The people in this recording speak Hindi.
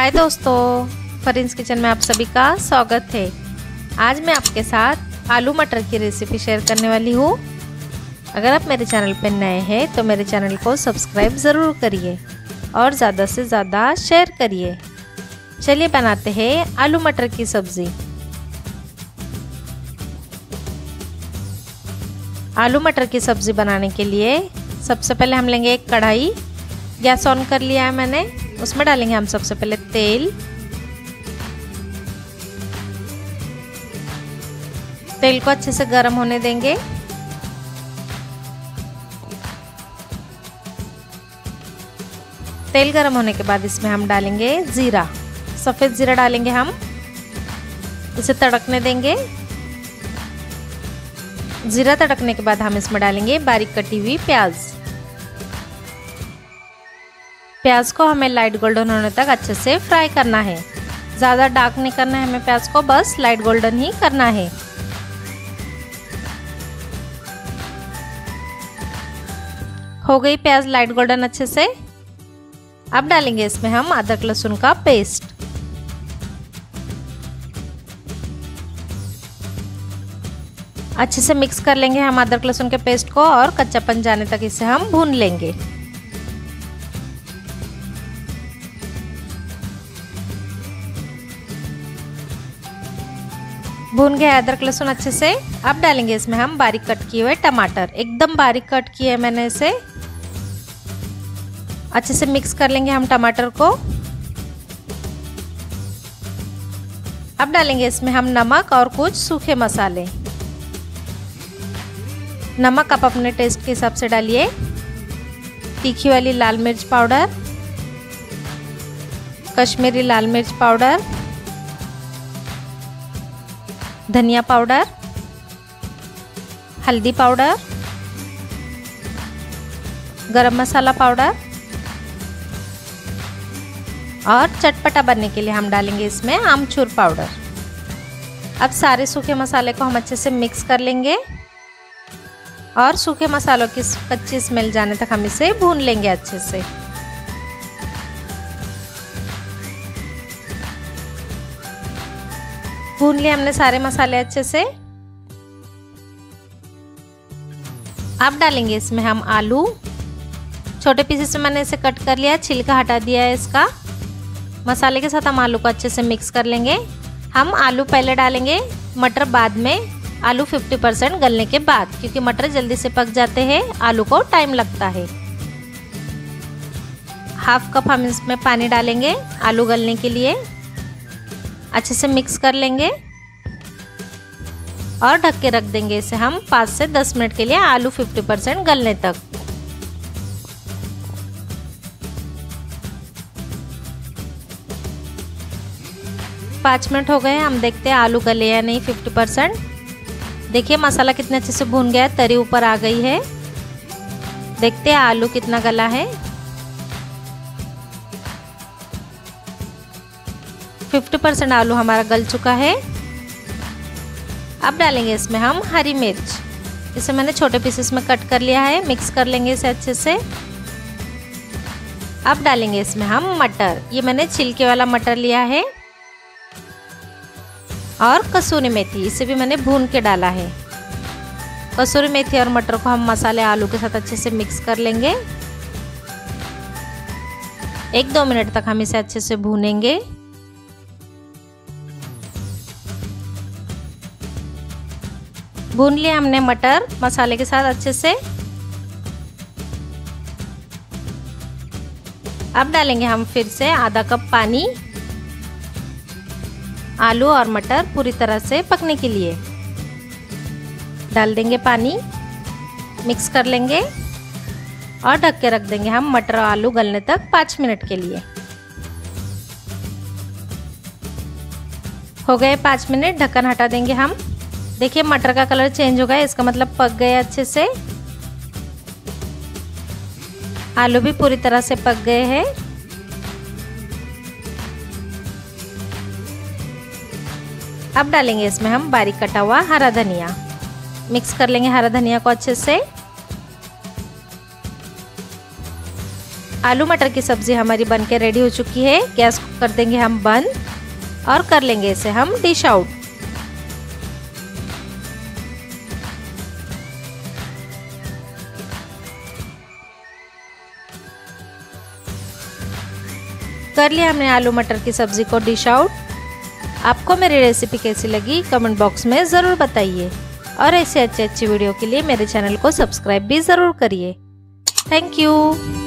हाय दोस्तों फरिंस किचन में आप सभी का स्वागत है आज मैं आपके साथ आलू मटर की रेसिपी शेयर करने वाली हूँ अगर आप मेरे चैनल पर नए हैं तो मेरे चैनल को सब्सक्राइब ज़रूर करिए और ज़्यादा से ज़्यादा शेयर करिए चलिए बनाते हैं आलू मटर की सब्ज़ी आलू मटर की सब्ज़ी बनाने के लिए सबसे पहले हम लेंगे एक कढ़ाई गैस ऑन कर लिया है मैंने उसमें डालेंगे हम सबसे पहले तेल तेल को अच्छे से गर्म होने देंगे तेल गर्म होने के बाद इसमें हम डालेंगे ज़ीरा सफ़ेद ज़ीरा डालेंगे हम इसे तड़कने देंगे ज़ीरा तड़कने के बाद हम इसमें डालेंगे बारीक कटी हुई प्याज़ प्याज को हमें लाइट गोल्डन होने तक अच्छे से फ्राई करना है ज़्यादा डार्क नहीं करना है हमें प्याज को बस लाइट गोल्डन ही करना है हो गई प्याज लाइट गोल्डन अच्छे से अब डालेंगे इसमें हम अदरक लहसुन का पेस्ट अच्छे से मिक्स कर लेंगे हम अदरक लहसुन के पेस्ट को और कच्चापन जाने तक इसे हम भून लेंगे भून गया अदरक लहसुन अच्छे से अब डालेंगे इसमें हम बारीक कट किए हुए टमाटर एकदम बारीक कट किए मैंने इसे अच्छे से मिक्स कर लेंगे हम टमाटर को अब डालेंगे इसमें हम नमक और कुछ सूखे मसाले नमक आप अपने टेस्ट के हिसाब से डालिए तीखी वाली लाल मिर्च पाउडर कश्मीरी लाल मिर्च पाउडर धनिया पाउडर हल्दी पाउडर गरम मसाला पाउडर और चटपटा बनने के लिए हम डालेंगे इसमें आमचूर पाउडर अब सारे सूखे मसाले को हम अच्छे से मिक्स कर लेंगे और सूखे मसालों की कच्ची स्मेल जाने तक हम इसे भून लेंगे अच्छे से भून लिए हमने सारे मसाले अच्छे से अब डालेंगे इसमें हम आलू छोटे पीसेस में मैंने इसे कट कर लिया छिलका हटा दिया है इसका मसाले के साथ हम आलू को अच्छे से मिक्स कर लेंगे हम आलू पहले डालेंगे मटर बाद में आलू 50 परसेंट गलने के बाद क्योंकि मटर जल्दी से पक जाते हैं आलू को टाइम लगता है हाफ कप हम इसमें पानी डालेंगे आलू गलने के लिए अच्छे से मिक्स कर लेंगे और ढक के रख देंगे इसे हम पाँच से दस मिनट के लिए आलू 50 परसेंट गलने तक पाँच मिनट हो गए हम देखते हैं आलू गले या नहीं 50 परसेंट देखिए मसाला कितने अच्छे से भून गया है तरी ऊपर आ गई है देखते हैं आलू कितना गला है फिफ्टी परसेंट आलू हमारा गल चुका है अब डालेंगे इसमें हम हरी मिर्च इसे मैंने छोटे पीसेस में कट कर लिया है मिक्स कर लेंगे इसे अच्छे से अब डालेंगे इसमें हम मटर ये मैंने छिलके वाला मटर लिया है और कसूरी मेथी इसे भी मैंने भून के डाला है कसूरी मेथी और मटर को हम मसाले आलू के साथ अच्छे से मिक्स कर लेंगे एक दो मिनट तक हम इसे अच्छे से भूनेंगे भून लिया हमने मटर मसाले के साथ अच्छे से अब डालेंगे हम फिर से आधा कप पानी आलू और मटर पूरी तरह से पकने के लिए डाल देंगे पानी मिक्स कर लेंगे और ढक के रख देंगे हम मटर और आलू गलने तक पाँच मिनट के लिए हो गए पाँच मिनट ढक्कन हटा देंगे हम देखिए मटर का कलर चेंज हो गया इसका मतलब पक गए अच्छे से आलू भी पूरी तरह से पक गए हैं अब डालेंगे इसमें हम बारीक कटा हुआ हरा धनिया मिक्स कर लेंगे हरा धनिया को अच्छे से आलू मटर की सब्ज़ी हमारी बन के रेडी हो चुकी है गैस कर देंगे हम बंद और कर लेंगे इसे हम डिश आउट कर लिया हमने आलू मटर की सब्ज़ी को डिश आउट आपको मेरी रेसिपी कैसी लगी कमेंट बॉक्स में ज़रूर बताइए और ऐसे अच्छे अच्छी वीडियो के लिए मेरे चैनल को सब्सक्राइब भी ज़रूर करिए थैंक यू